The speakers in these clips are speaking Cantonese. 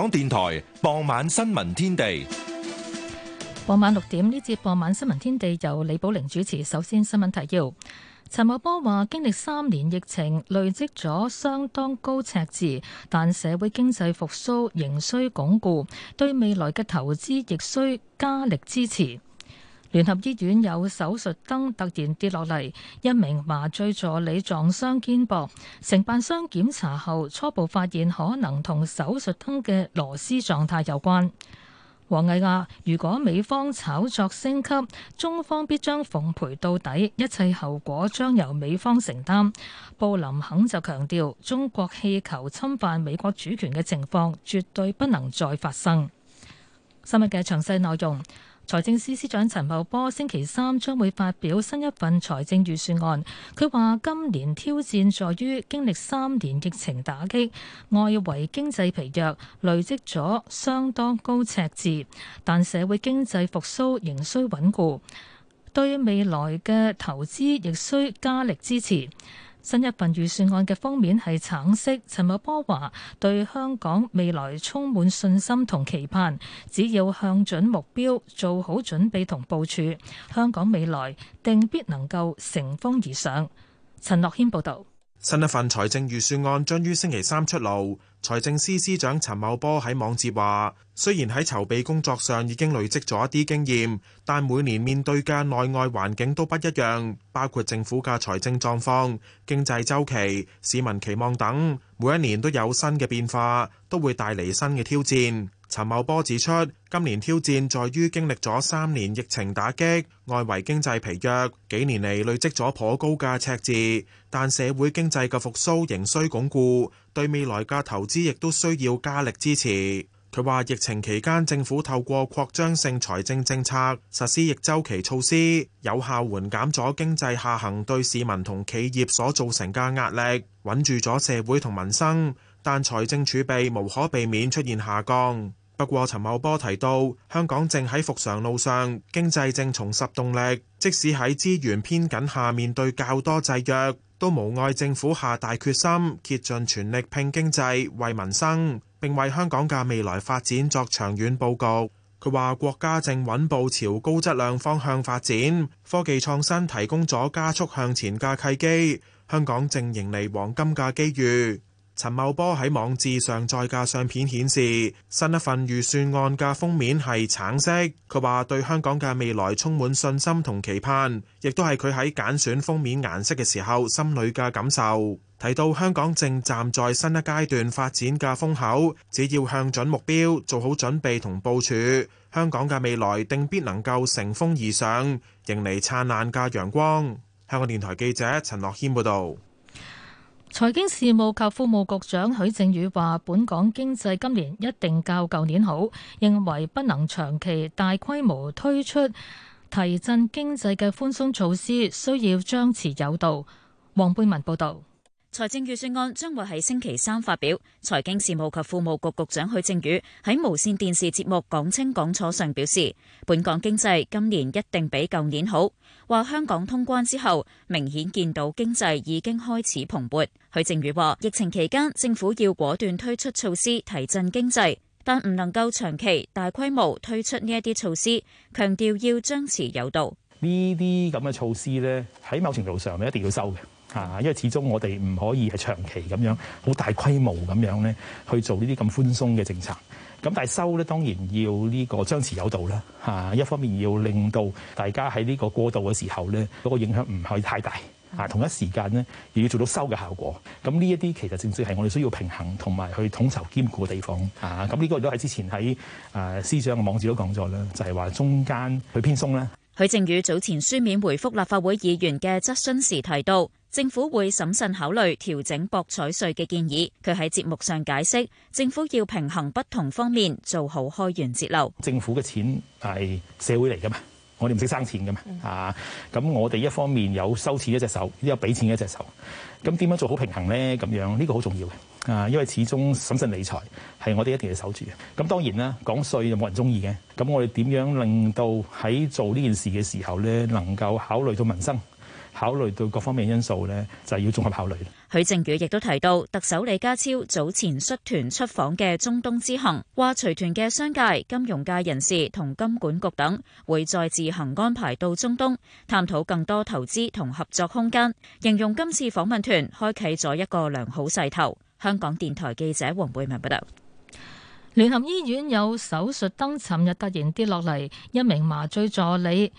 港電台傍晚新聞天地，傍晚六點呢節傍晚新聞天地由李寶玲主持。首先新聞提要：陳茂波話，經歷三年疫情，累積咗相當高赤字，但社會經濟復蘇仍需鞏固，對未來嘅投資亦需加力支持。聯合醫院有手術燈突然跌落嚟，一名麻醉助理撞傷肩膊。承辦商檢查後初步發現，可能同手術燈嘅螺絲狀態有關。王毅話、啊：如果美方炒作升級，中方必將奉陪到底，一切後果將由美方承擔。布林肯就強調：中國氣球侵犯美國主權嘅情況，絕對不能再發生。今日嘅詳細內容。財政司司長陳茂波星期三將會發表新一份財政預算案。佢話：今年挑戰在於經歷三年疫情打擊，外圍經濟疲弱，累積咗相當高赤字，但社會經濟復甦仍需穩固，對未來嘅投資亦需加力支持。新一份預算案嘅封面係橙色。陳茂波話對香港未來充滿信心同期盼，只要向準目標做好準備同部署，香港未來定必能夠乘風而上。陳樂軒報導。新一份財政預算案將於星期三出爐。財政司司長陳茂波喺網誌話，雖然喺籌備工作上已經累積咗一啲經驗，但每年面對嘅內外環境都不一樣，包括政府嘅財政狀況、經濟周期、市民期望等，每一年都有新嘅變化，都會帶嚟新嘅挑戰。陳茂波指出，今年挑戰在於經歷咗三年疫情打擊，外圍經濟疲弱，幾年嚟累積咗頗高嘅赤字，但社會經濟嘅復甦仍需鞏固，對未來嘅投資亦都需要加力支持。佢話，疫情期間政府透過擴張性財政政策，實施逆周期措施，有效緩減咗經濟下行對市民同企業所造成嘅壓力，穩住咗社會同民生。但財政儲備無可避免出現下降。不過陳茂波提到，香港正喺復常路上，經濟正重拾動力，即使喺資源偏緊下面對較多制約，都無礙政府下大決心，竭盡全力拼經濟、惠民生，並為香港嘅未來發展作長遠佈局。佢話國家正穩步朝高質量方向發展，科技創新提供咗加速向前嘅契機，香港正迎嚟黃金嘅機遇。陳茂波喺網誌上載嘅相片顯示，新一份預算案嘅封面係橙色。佢話對香港嘅未來充滿信心同期盼，亦都係佢喺揀選封面顏色嘅時候心裏嘅感受。提到香港正站在新一階段發展嘅風口，只要向準目標做好準備同部署，香港嘅未來定必能夠乘風而上，迎嚟燦爛嘅陽光。香港電台記者陳樂軒報導。財經事務及庫務局長許正宇話，本港經濟今年一定較舊年好，認為不能長期大規模推出提振經濟嘅寬鬆措施，需要張弛有度。黃貝文報道。財政預算案將會喺星期三發表。財經事務及庫務局局長許正宇喺無綫電視節目《講清講楚》上表示，本港經濟今年一定比舊年好。話香港通關之後，明顯見到經濟已經開始蓬勃。許正宇話：疫情期間政府要果斷推出措施提振經濟，但唔能夠長期大規模推出呢一啲措施，強調要張弛有度。呢啲咁嘅措施呢，喺某程度上你一定要收嘅。啊，因為始終我哋唔可以係長期咁樣好大規模咁樣咧去做呢啲咁寬鬆嘅政策。咁但係收咧當然要呢個張弛有度啦。嚇，一方面要令到大家喺呢個過渡嘅時候咧嗰、嗰個影響唔可以太大。嚇，同一時間咧又要做到收嘅效果。咁呢一啲其實正正係我哋需要平衡同埋去統籌兼顧嘅地方。嚇，咁呢個都係之前喺誒司長嘅網誌都講咗啦，就係、係、話中間去偏鬆咧。許正宇早前書面回覆立法會議員嘅質詢時提到，政府會審慎考慮調整博彩稅嘅建議。佢喺節目上解釋，政府要平衡不同方面，做好開源節流。政府嘅錢係社會嚟噶嘛？我哋唔識生錢嘅嘛，嗯、啊，咁我哋一方面有收錢一隻手，一有俾錢一隻手，咁點樣做好平衡咧？咁樣呢、呢個好重要嘅，啊，因為始終審慎理財係我哋一定要守住嘅。咁當然啦，講稅就冇人中意嘅，咁我哋點樣令到喺做呢件事嘅時候咧，能夠考慮到民生？考慮到各方面因素呢，就係要綜合考慮。許正宇亦都提到，特首李家超早前率團出訪嘅中東之行，話隨團嘅商界、金融界人士同金管局等會再自行安排到中東，探討更多投資同合作空間。形容今次訪問團開啓咗一個良好勢頭。香港電台記者黃貝文報道。聯合醫院有手術燈尋日突然跌落嚟，一名麻醉助理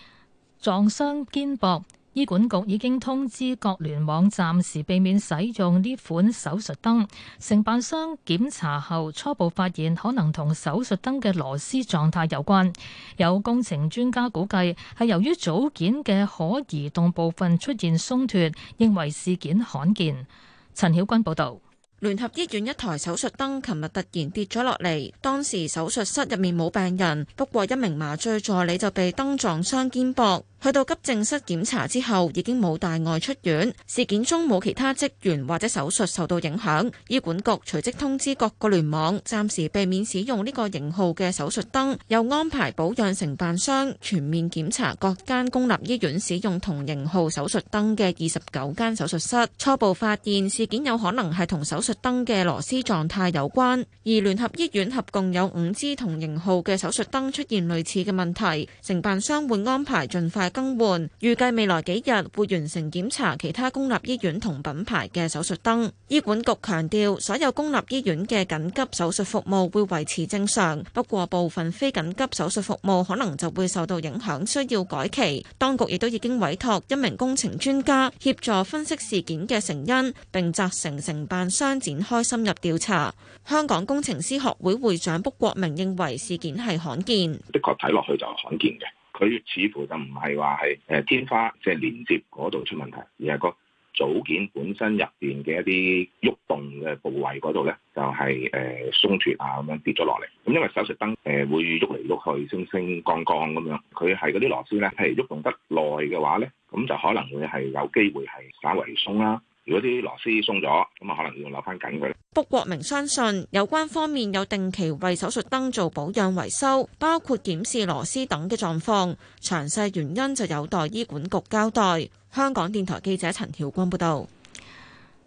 撞傷肩膊。醫管局已經通知各聯網暫時避免使用呢款手術燈。承辦商檢查後初步發現可能同手術燈嘅螺絲狀態有關。有工程專家估計係由於組件嘅可移動部分出現鬆脱，認為事件罕見。陳曉君報導，聯合醫院一台手術燈琴日突然跌咗落嚟，當時手術室入面冇病人，不過一名麻醉助理就被燈撞傷肩膊。去到急症室檢查之後，已經冇大礙出院。事件中冇其他職員或者手術受到影響。醫管局隨即通知各個聯網，暫時避免使用呢個型號嘅手術燈，又安排保養承辦商全面檢查各間公立醫院使用同型號手術燈嘅二十九間手術室。初步發現事件有可能係同手術燈嘅螺絲狀態有關。而聯合醫院合共有五支同型號嘅手術燈出現類似嘅問題，承辦商會安排盡快更換，預計未來幾日會完成檢查其他公立醫院同品牌嘅手術燈。醫管局強調，所有公立醫院嘅緊急手術服務會維持正常，不過部分非緊急手術服務可能就會受到影響，需要改期。當局亦都已經委託一名工程專家協助分析事件嘅成因，並責成承辦商展開深入調查。香港工程師學會會長卜國明認為事件係罕見，的確睇落去就罕見嘅。佢似乎就唔係話係誒天花即係連接嗰度出問題，而係個組件本身入邊嘅一啲喐動嘅部位嗰度咧，就係、是、誒、呃、鬆脱啊咁樣跌咗落嚟。咁、嗯、因為手術燈誒會喐嚟喐去，升升降降咁樣，佢係嗰啲螺絲咧，譬如喐動得耐嘅話咧，咁就可能會係有機會係稍微鬆啦。如果啲螺絲鬆咗，咁啊可能要留翻緊佢。卜國明相信有關方面有定期為手術燈做保養維修，包括檢視螺絲等嘅狀況。詳細原因就有待醫管局交代。香港電台記者陳曉君報道。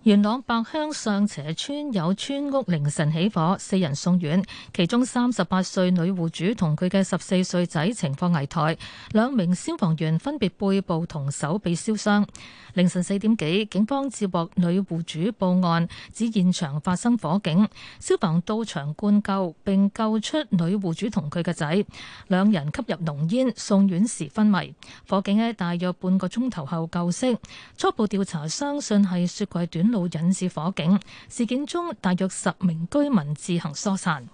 元朗八鄉上斜村有村屋凌晨起火，四人送院，其中三十八歲女戶主同佢嘅十四歲仔情況危殆，兩名消防員分別背部同手臂燒傷。凌晨四點幾，警方接獲女戶主報案，指現場發生火警，消防到場灌救，並救出女戶主同佢嘅仔，兩人吸入濃煙，送院時昏迷。火警喺大約半個鐘頭後救熄，初步調查相信係雪櫃短路引致火警，事件中大約十名居民自行疏散。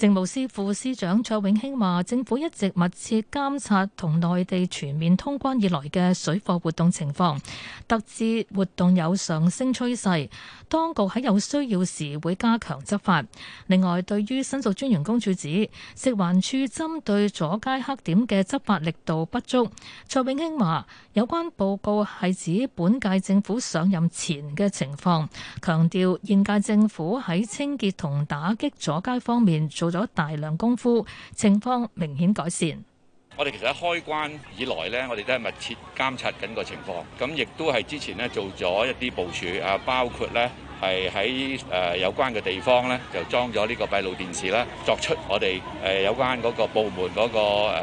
政務司副司長卓永興話：政府一直密切監察同內地全面通關以來嘅水貨活動情況，特指活動有上升趨勢，當局喺有需要時會加強執法。另外，對於申訴專員公署指，食環署針對阻街黑點嘅執法力度不足。卓永興話：有關報告係指本屆政府上任前嘅情況，強調現屆政府喺清潔同打擊阻街方面做。咗大量功夫，情況明顯改善。我哋其實喺開關以來呢，我哋都係密切監察緊個情況。咁亦都係之前呢做咗一啲部署啊，包括呢， 係喺誒有關嘅地方咧，就裝咗呢個閉路電視啦，作出我哋誒有關嗰個部門嗰個誒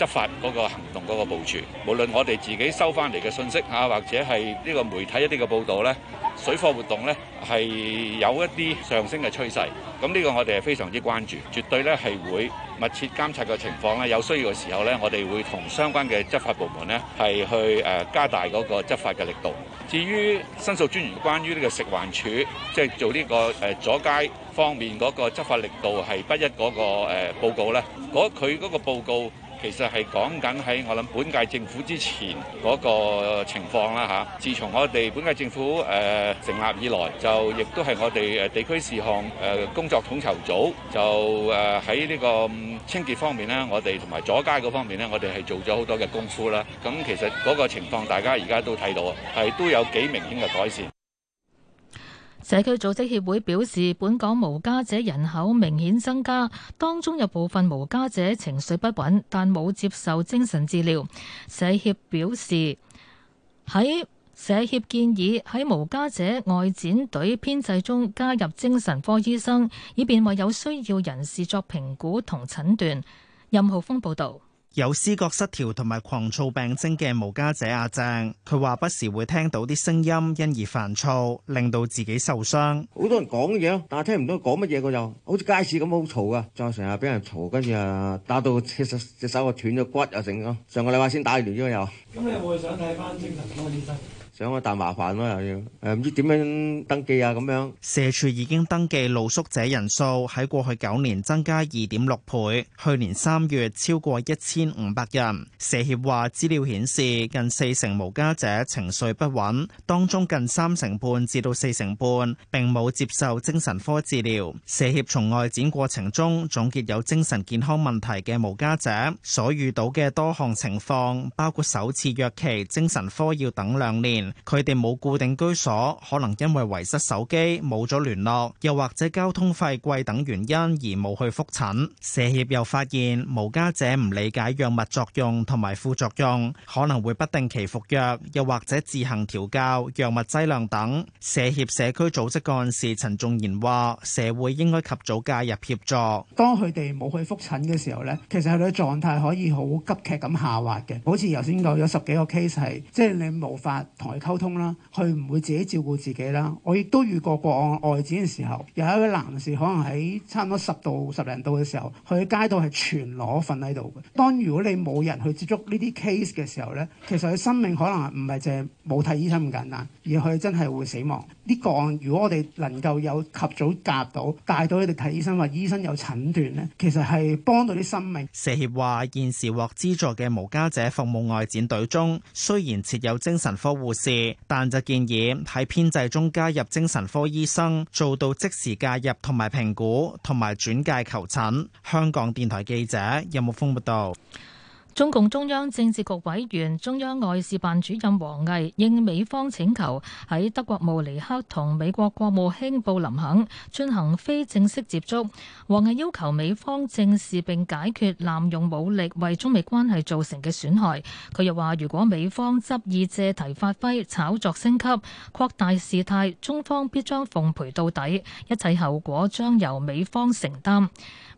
執法嗰個行動嗰個部署。無論我哋自己收翻嚟嘅信息啊，或者係呢個媒體一啲嘅報導咧，水貨活動咧係有一啲上升嘅趨勢。咁呢個我哋係非常之關注，絕對咧係會密切監察嘅情況咧。有需要嘅時候咧，我哋會同相關嘅執法部門咧係去誒加大嗰個執法嘅力度。至於申訴專員關於呢個食環署即係、就是、做呢、這個、呃、阻街方面嗰個執法力度係不一嗰、那個、呃、報告呢，嗰佢嗰個報告。其實係講緊喺我諗本屆政府之前嗰個情況啦嚇。自從我哋本屆政府誒成立以來，就亦都係我哋誒地區事項誒工作統籌組就誒喺呢個清潔方面咧，我哋同埋阻街嗰方面咧，我哋係做咗好多嘅功夫啦。咁其實嗰個情況，大家而家都睇到，係都有幾明顯嘅改善。社區組織協會表示，本港無家者人口明顯增加，當中有部分無家者情緒不穩，但冇接受精神治療。社協表示，喺社協建議喺無家者外展隊編制中加入精神科醫生，以便為有需要人士作評估同診斷。任浩峰報導。有思覺失調同埋狂躁病徵嘅無家者阿鄭，佢話不時會聽到啲聲音，因而煩躁，令到自己受傷。好多人講嘢，但係聽唔到講乜嘢，佢就好似街市咁好嘈噶，就成日俾人嘈，跟住啊打到隻手隻手啊斷咗骨啊成個。上個禮拜先打完之後又。咁你 有冇想睇翻精神科醫生？想我大麻煩咯，又要誒唔知點樣登記啊？咁樣，社署已經登記露宿者人數喺過去九年增加二點六倍，去年三月超過一千五百人。社協話資料顯示，近四成無家者情緒不穩，當中近三成半至到四成半並冇接受精神科治療。社協從外展過程中總結有精神健康問題嘅無家者所遇到嘅多項情況，包括首次約期精神科要等兩年。佢哋冇固定居所，可能因為遺失手機冇咗聯絡，又或者交通費貴等原因而冇去復診。社協又發現無家者唔理解藥物作用同埋副作用，可能會不定期服藥，又或者自行調教藥物劑量等。社協社區組織幹事陳仲賢話：社會應該及早介入協助。當佢哋冇去復診嘅時候呢，其實佢哋嘅狀態可以好急劇咁下滑嘅，好似頭先講咗十幾個 case 係，即係你無法同。去溝通啦，佢唔會自己照顧自己啦。我亦都遇過個案外展嘅時候，有一個男士可能喺差唔多十度十零度嘅時候，佢喺街道係全裸瞓喺度嘅。當如果你冇人去接觸呢啲 case 嘅時候呢，其實佢生命可能唔係淨係冇睇醫生咁簡單，而佢真係會死亡。啲個案如果我哋能夠有及早夾到，帶到你哋睇醫生，或醫生有診斷呢，其實係幫到啲生命。社協話，現時獲資助嘅無家者服務外展隊中，雖然設有精神科護士。但就建議喺編制中加入精神科醫生，做到即時介入同埋評估，同埋轉介求診。香港電台記者任木豐報道。中共中央政治局委員、中央外事辦主任王毅應美方請求，喺德國慕尼黑同美國國務卿布林肯進行非正式接觸，王毅要求美方正視並解決濫用武力為中美關係造成嘅損害。佢又話，如果美方執意借題發揮、炒作升級、擴大事態，中方必將奉陪到底，一切後果將由美方承擔，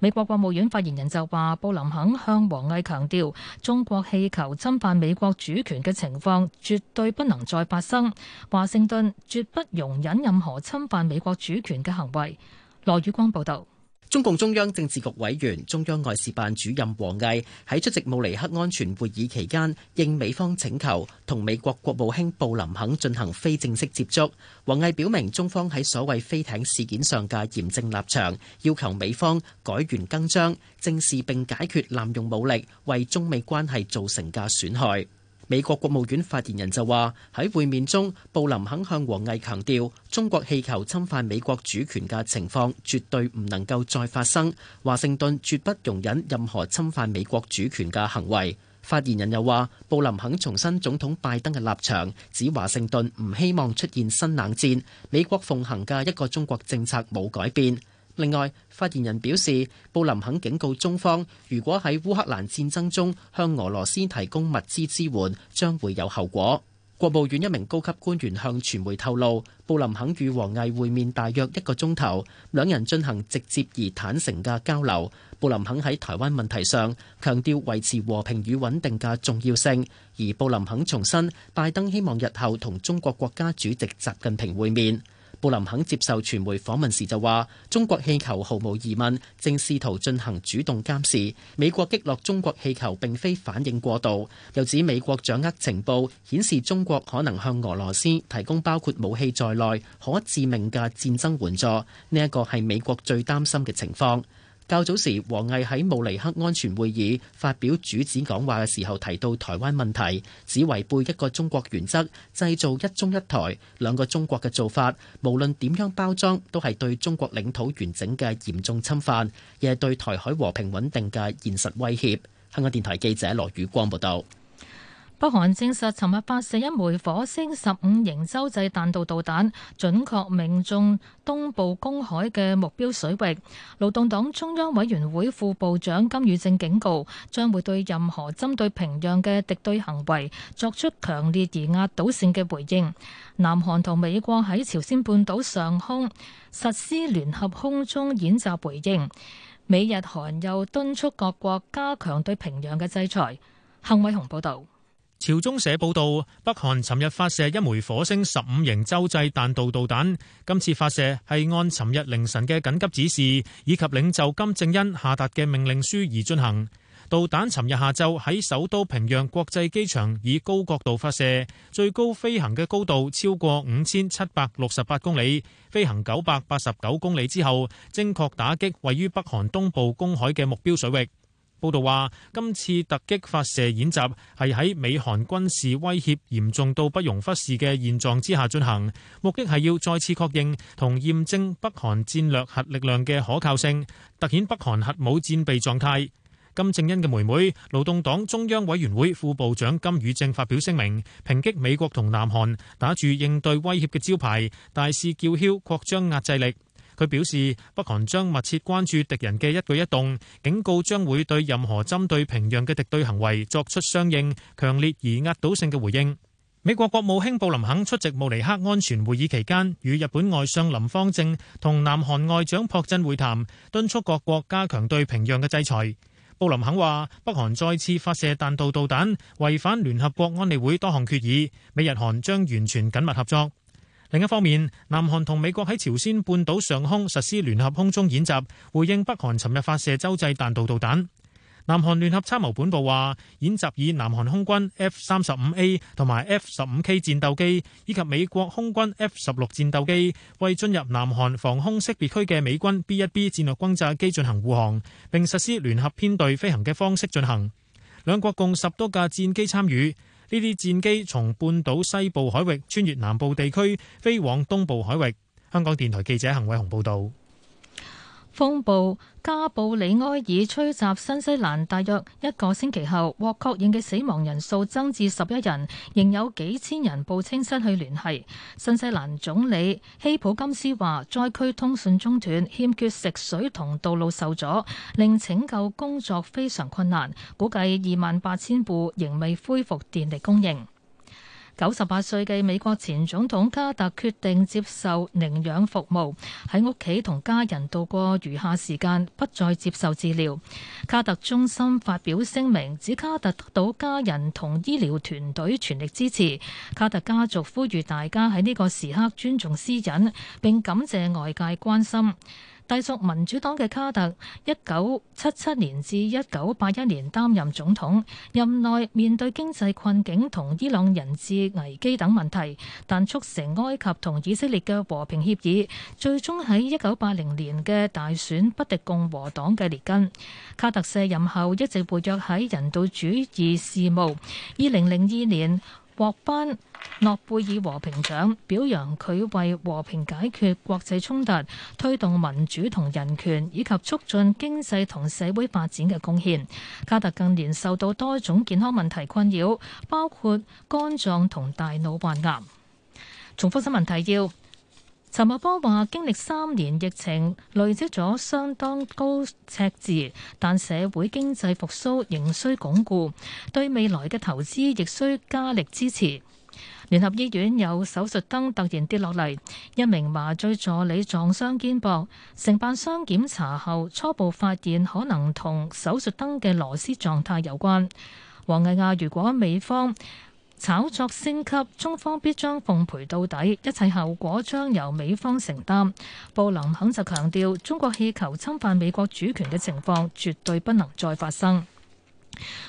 美國國務院發言人就話布林肯向王毅強調。中國氣球侵犯美國主權嘅情況絕對不能再發生，華盛頓絕不容忍任何侵犯美國主權嘅行為。羅宇光報導。中共中央政治局委員，中央外事辦主任王毅喺出席慕尼黑安全會議期間應美方請求，同美國國務卿布林肯進行非正式接觸。王毅表明中方喺所謂飛艇事件上嘅嚴正立場，要求美方改弦更張，正視並解決濫用武力為中美關係造成嘅損害。美國國務院發言人就話，喺會面中，布林肯向王毅強調，中國氣球侵犯美國主權嘅情況絕對唔能夠再發生，華盛頓絕不容忍任何侵犯美國主權嘅行為。發言人又話，布林肯重申總統拜登嘅立場，指華盛頓唔希望出現新冷戰，美國奉行嘅一個中國政策冇改變。另外，發言人表示，布林肯警告中方，如果喺烏克蘭戰爭中向俄羅斯提供物資支援，將會有後果。國務院一名高級官員向傳媒透露，布林肯與王毅會面大約一個鐘頭，兩人進行直接而坦誠嘅交流。布林肯喺台灣問題上強調維持和平與穩定嘅重要性，而布林肯重申，拜登希望日後同中國國家主席習近平會面。布林肯接受傳媒訪問時就話：中國氣球毫無疑問正試圖進行主動監視，美國擊落中國氣球並非反應過度。又指美國掌握情報顯示中國可能向俄羅斯提供包括武器在內可致命嘅戰爭援助，呢、這、一個係美國最擔心嘅情況。較早時，王毅喺慕尼黑安全會議發表主旨講話嘅時候提到台灣問題，指違背一個中國原則，製造一中一台兩個中國嘅做法，無論點樣包裝，都係對中國領土完整嘅嚴重侵犯，亦係對台海和平穩定嘅現實威脅。香港電台記者羅宇光報道。北韓證實，尋日發射一枚火星十五型洲際彈道導彈，準確命中東部公海嘅目標水域。勞動黨中央委員會副部長金宇正警告，將會對任何針對平壤嘅敵對行為作出強烈而壓倒性嘅回應。南韓同美國喺朝鮮半島上空實施聯合空中演習回應。美日韓又敦促各國加強對平壤嘅制裁。幸偉雄報導。朝中社報道，北韓尋日發射一枚火星十五型洲際彈道導彈。今次發射係按尋日凌晨嘅緊急指示以及領袖金正恩下達嘅命令書而進行。導彈尋日下晝喺首都平壤國際機場以高角度發射，最高飛行嘅高度超過五千七百六十八公里，飛行九百八十九公里之後，精確打擊位於北韓東部公海嘅目標水域。報道話，今次突擊發射演習係喺美韓軍事威脅嚴重到不容忽視嘅現狀之下進行，目的係要再次確認同驗證北韓戰略核力量嘅可靠性，突顯北韓核武戰備狀態。金正恩嘅妹妹、勞動黨中央委員會副部長金與正發表聲明，抨擊美國同南韓打住應對威脅嘅招牌，大肆叫囂擴張壓制力。佢表示，北韓將密切關注敵人嘅一舉一動，警告將會對任何針對平壤嘅敵對行為作出相應、強烈而壓倒性嘅回應。美國國務卿布林肯出席慕尼黑安全會議期間，與日本外相林芳正同南韓外長朴振會談，敦促各國加強對平壤嘅制裁。布林肯話：北韓再次發射彈道導彈，違反聯合國安理會多項決議，美日韓將完全緊密合作。另一方面，南韓同美國喺朝鮮半島上空實施聯合空中演習，回應北韓尋日發射洲際彈道導彈。南韓聯合參謀本部話，演習以南韓空軍 F 三十五 A 同埋 F 十五 K 戰鬥機，以及美國空軍 F 十六戰鬥機，為進入南韓防空識別區嘅美軍 B 一 B 戰略轟炸機進行護航，並實施聯合編隊飛行嘅方式進行。兩國共十多架戰機參與。呢啲戰機從半島西部海域，穿越南部地區，飛往東部海域。香港電台記者陳偉雄報道。風暴加布里埃爾吹襲新西蘭大約一個星期後，獲確認嘅死亡人數增至十一人，仍有幾千人報稱失去聯繫。新西蘭總理希普金斯話，災區通訊中斷，欠缺食水同道路受阻，令拯救工作非常困難。估計二萬八千戶仍未恢復電力供應。九十八歲嘅美國前總統卡特決定接受寧養服務，喺屋企同家人度過餘下時間，不再接受治療。卡特中心發表聲明，指卡特得到家人同醫療團隊全力支持。卡特家族呼籲大家喺呢個時刻尊重私隱，並感謝外界關心。隸屬民主黨嘅卡特，一九七七年至一九八一年擔任總統，任內面對經濟困境同伊朗人質危機等問題，但促成埃及同以色列嘅和平協議。最終喺一九八零年嘅大選不敵共和黨嘅列根。卡特卸任後一直活躍喺人道主義事務。二零零二年，獲頒諾貝爾和平獎，表揚佢為和平解決國際衝突、推動民主同人權以及促進經濟同社會發展嘅貢獻。卡特近年受到多種健康問題困擾，包括肝臟同大腦患癌。重複新聞提要。陳茂波話：經歷三年疫情，累積咗相當高赤字，但社會經濟復甦仍需鞏固，對未來嘅投資亦需加力支持。聯合醫院有手術燈突然跌落嚟，一名麻醉助理撞傷肩膊，承辦商檢查後初步發現可能同手術燈嘅螺絲狀態有關。王毅亞，如果美方。炒作升級，中方必將奉陪到底，一切後果將由美方承擔。布林肯就強調，中國氣球侵犯美國主權嘅情況絕對不能再發生。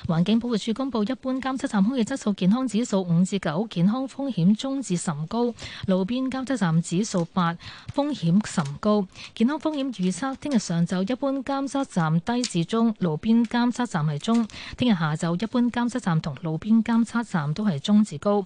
環境保護署公布，一般監測站空氣質素健康指數五至九，健康風險中至甚高；路邊監測站指數八，風險甚高。健康風險預測：聽日上晝一般監測站低至中，路邊監測站係中；聽日下晝一般監測站同路邊監測站都係中至高。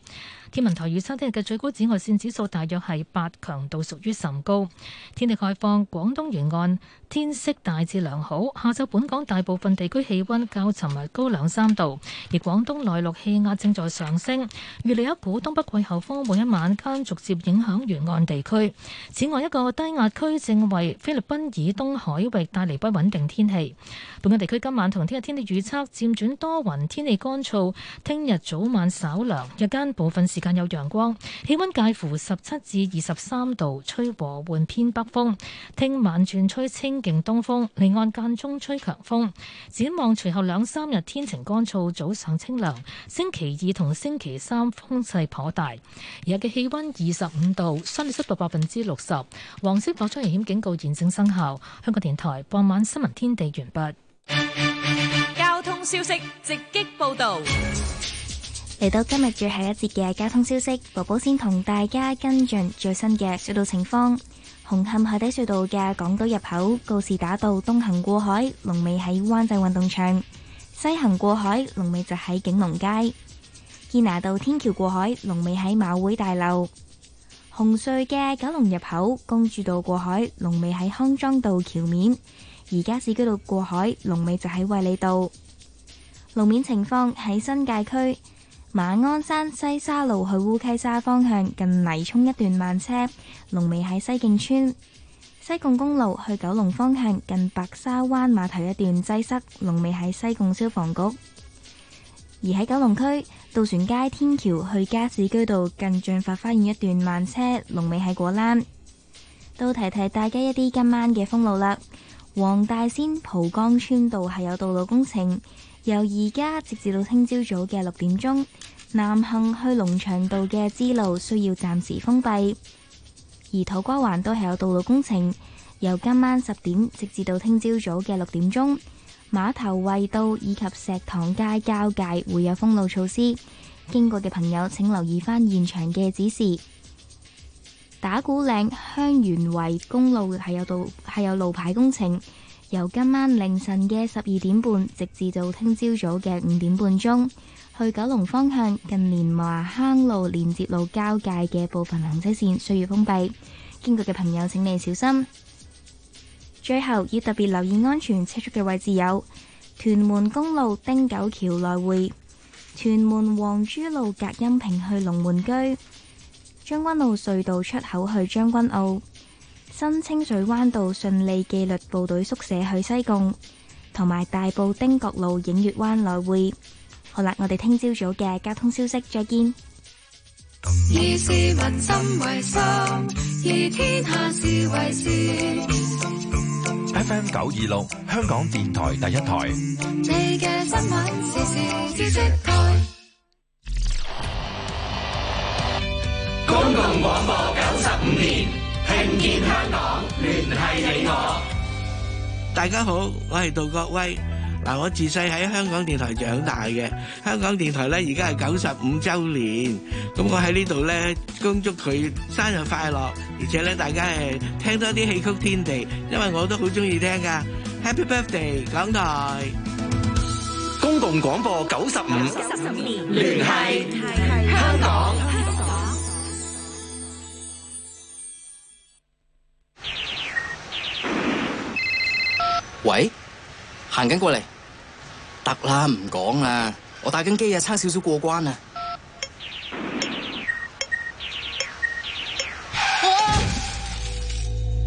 天文台預測聽日嘅最高紫外線指數大約係八，強度屬於甚高。天氣概況：廣東沿岸天色大致良好，下晝本港大部分地區氣溫較尋日，高兩三度，而廣東內陸氣壓正在上升，預料一股東北季候風每一晚間逐漸影響沿岸地區。此外，一個低壓區正為菲律賓以東海域帶嚟不穩定天氣。本港地區今晚同聽日天氣預測漸轉多雲，天氣乾燥。聽日早晚稍涼，日間部分時間有陽光，氣溫介乎十七至二十三度，吹和緩偏北風，聽晚轉吹清勁東風，離岸間中吹強風，展望隨後兩三日。天晴乾燥，早上清涼。星期二同星期三風勢頗大。而家嘅氣溫二十五度，相對濕度百分之六十。黃色火災危險警告現正生效。香港電台傍晚新聞天地完畢。交通消息直擊報道嚟到今日最後一節嘅交通消息，寶寶先同大家跟進最新嘅隧道情況。紅磡海底隧道嘅港島入口告士打道東行過海，龍尾喺灣仔運動場。西行過海，龍尾就喺景隆街；堅拿道天橋過海，龍尾喺馬會大樓；紅隧嘅九龍入口公主道過海，龍尾喺康莊道橋面；而家市居道過海，龍尾就喺衛理道。路面情況，喺新界區馬鞍山西沙路去烏溪沙方向近泥涌一段慢車，龍尾喺西徑村。西貢公路去九龍方向近白沙灣碼頭一段擠塞，龍尾喺西貢消防局。而喺九龍區渡船街天橋去加士居道近駿發花園一段慢車，龍尾喺果欄。都提提大家一啲今晚嘅封路啦。黃大仙蒲崗村道係有道路工程，由而家直至到聽朝早嘅六點鐘，南行去龍翔道嘅支路需要暫時封閉。而土瓜灣都係有道路工程，由今晚十點直至到聽朝早嘅六點鐘，馬頭圍道以及石塘街交界會有封路措施，經過嘅朋友請留意返現場嘅指示。打鼓嶺香園圍公路係有道係有路牌工程，由今晚凌晨嘅十二點半直至到聽朝早嘅五點半鐘。去九龍方向，近年華坑路連接路交界嘅部分行車線需要封閉，經過嘅朋友請你小心。最後要特別留意安全車速嘅位置有：屯門公路汀九橋來回、屯門黃珠路隔音屏去龍門居、將軍澳隧道出口去將軍澳、新清水灣道順利紀律部隊宿舍去西貢，同埋大埔汀角路映月灣來回。好啦，我哋聽朝早嘅交通消息，再見。以市民心為心，以天下事為事。FM 九二六，香港電台第一台。你嘅新聞時事知識台，公共廣播九十五年，聽見香港，聯繫你我。大家好，我係杜國威。嗱，我自細喺香港電台長大嘅，香港電台咧而家係九十五周年，咁我喺呢度咧恭祝佢生日快樂，而且咧大家係聽多啲戲曲天地，因為我都好中意聽噶。Happy birthday，港台！公共廣播九十五年，聯繫香港。喂，行緊過嚟。得啦，唔講啦，我打緊機啊，差少少過關啊！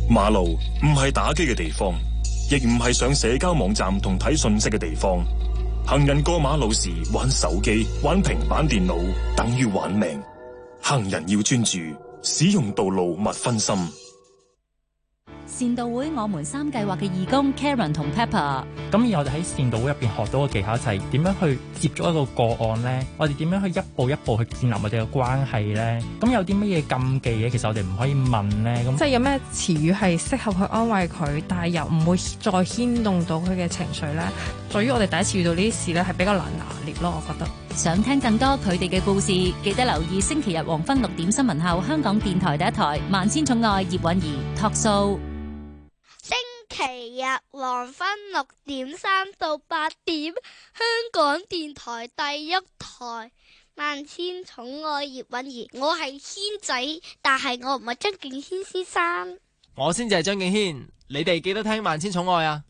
馬路唔係打機嘅地方，亦唔係上社交網站同睇信息嘅地方。行人過馬路時玩手機、玩平板電腦，等於玩命。行人要專注，使用道路勿分心。善道會我們三計劃嘅義工 Karen 同 Pepper。咁而我哋喺善道會入邊學到嘅技巧就係點樣去接觸一個個案呢？我哋點樣去一步一步去建立我哋嘅關係呢？咁有啲乜嘢禁忌嘅？其實我哋唔可以問呢。咁即係有咩詞語係適合去安慰佢，但係又唔會再牽動到佢嘅情緒呢？在於我哋第一次遇到呢啲事呢，係比較難拿捏咯。我覺得想聽更多佢哋嘅故事，記得留意星期日黃昏六點新聞後，香港電台第一台萬千寵愛葉韻儀 Talk Show。黃昏六點三到八點，香港電台第一台《萬千寵愛》葉韻儀，我係軒仔，但係我唔係張敬軒先生，我先至係張敬軒。你哋記得聽《萬千寵愛》啊！